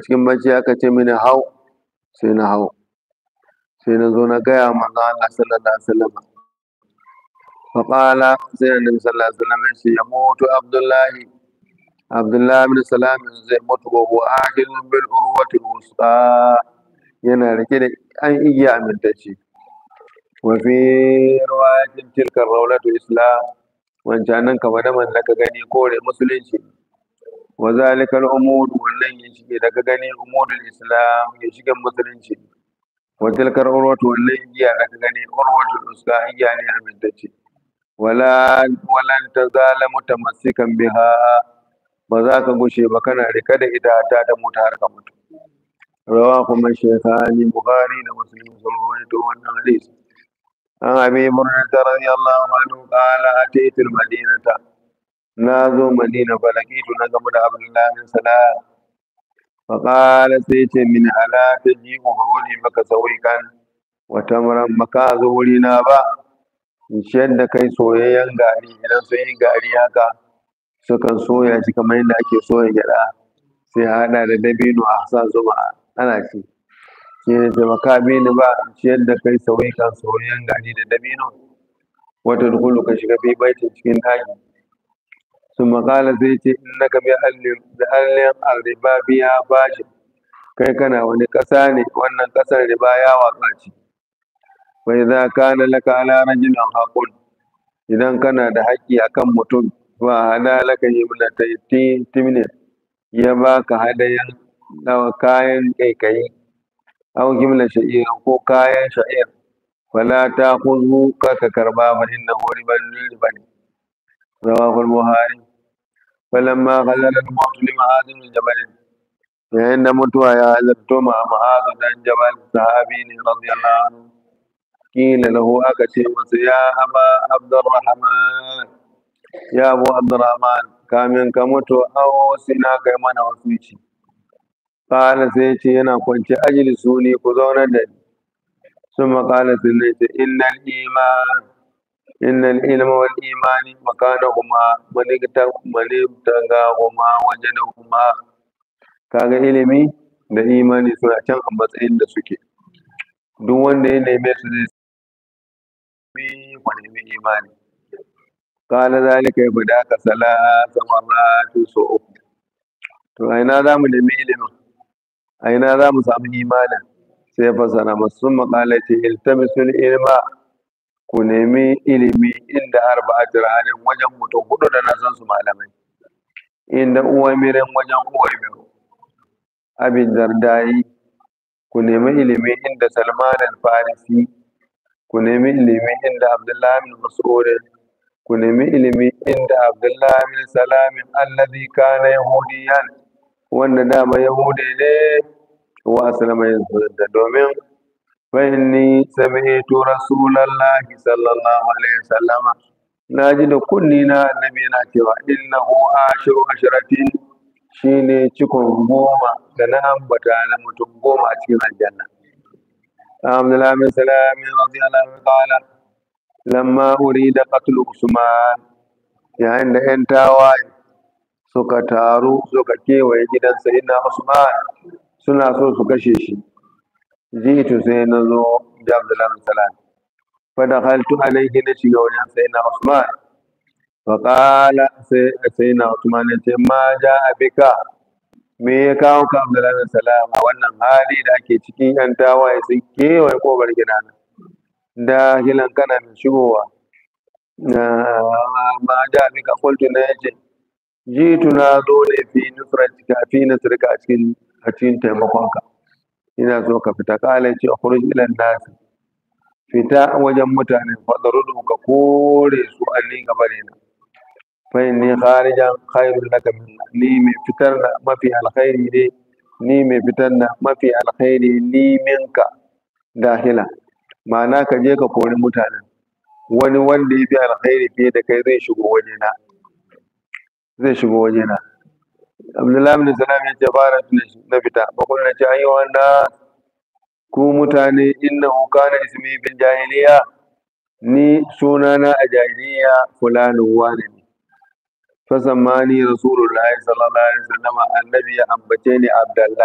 cikin bacci aka ce mini hau sai na hau sai na zo na gaya manzo Allah sallallahu alaihi wasallam fa qala sai annabi sallallahu alaihi wasallam ya mutu abdullahi abdullahi bin salam zai mutu wa a cikin bil urwati wusta yana rike da an igiya amintacce wa fi riwayatin tilkar rawlatu islam wancan nan kamar da man ka gani kore musulunci wa zalikal umur wannan ya shige daga gani umurul islam ya shige musulunci wa tilkar urwatu wannan giya daga gani urwatul uska giya ne amintacce wala walan tazala mutamassikan biha ba za ka gushe ba kana rike da ita ta da mutu har ka mutu rawahu man shaykhani da muslim sun rawaito wannan hadisi an abi murrata radiyallahu anhu qala ataitul madinata na zo madina falakitu na gamu da abdullahi bin salam faƙala sai ce min ala ta ji ku maka sauri kan wata muran maka zo wuri na ba in ciyar da kai soyayyen gari idan sun yi gari haka sukan soya shi kamar yadda ake soya gyada, sai haɗa da dabino a sa zuma ana ci shi ne ce maka ni ba in ciyar da kai sauri kan soyayyen gari da dabino wata dukulu ka shiga bai baitin cikin ɗaki sun zai ce in na ka bi allin arriba biya bashi kai kana wani ƙasa ne wannan kasar riba ya waka ce bai za ka na laka ala rajulan haƙun idan kana da haƙƙi akan mutum ba hada laka himlatai timne ya baka hadayan dawa kayan kaikayi aw gimla sha'ir ko kayan sha'ir fala ta khudhu ka karba fa inna riban riban rawahu al-buhari falamma ghazala al-maut li ma'ad min jabal yayin da mutuwa ya halatto ma ma'ad dan jabal sahabi ne radiyallahu anhu kila lahu aka ce masu ya aba abdurrahman ya abu abdurrahman kamin ka mutu aw na kai mana wasu wasici qala sai ce yana kwance ajli suni ku zaunar da ni sun maƙala sun ce innal iman إن العلم والإيمان مكانهما من ابتغاهما وجدهما kaga ilimi da imani suna can a matsayin da suke duk wanda ya neme su zai sami ku nemi imani kala zalika ya guda ka sala samaratu so uku to a ina za mu nemi ilimin a ina za mu samu imanin sai fasara masu makalati iltamisul ilma ku nemi ilimi inda arba'atul halin wajen mutum hudu da na san su malamai inda uwaimirin wajen uwaimiru abin dardai ku nemi ilimi inda salman farisi ku nemi ilimi inda abdullahi bin ku nemi ilimi inda abdullahi salamin allazi kana yahudiyan wanda dama yahudi ne wa aslama da domin فإني سمعت رسول الله صلى الله عليه وسلم ناجد كننا النبي ناتوا إنه عاشر عشرة shine cikon goma da na ambata na mutum goma a cikin aljanna Alhamdulillah min salamin radiyallahu anhu qala lamma urida qatlu Usman yayin da yan tawaye suka taru suka kewaye gidansa ina Usman suna so su kashe shi jitu sai na zo da Abdullahi Salam fa dakhaltu alayhi na shiga wajen sayyidina Usman fa qala sayyidina Usman ya ce ma ja'a bika me ya kawo ka Abdullahi Salam a wannan hali da ake cikin yan tawaye sun kewaye kobar gidana da hilan kana mai shigowa ma ja'a bika qultu na yace jitu na zo ne fi nusratika fi nusrika a cikin a cikin taimakonka ina so ka fita kala ce khuruj ilan nasi fita wajen mutane fadarudu ka kore su anni gabare na fa inni kharijan khairul laka ni mai fitar da mafi alkhairi ne ni mai fitar da mafi alkhairi ni minka dahila ma'ana ka je ka kori mutanen wani wanda ya fi alkhairi fiye da kai zai shigo wajena zai shigo wajena abdullahi bin salam ya ce fara na fita ba kun na ce ayyuha nas ku mutane innahu na ismi bil jahiliya ni sunana a jahiliya fulanin wani ne fasammani rasulullahi sallallahu alaihi wasallama annabi ya ambace ni abdullahi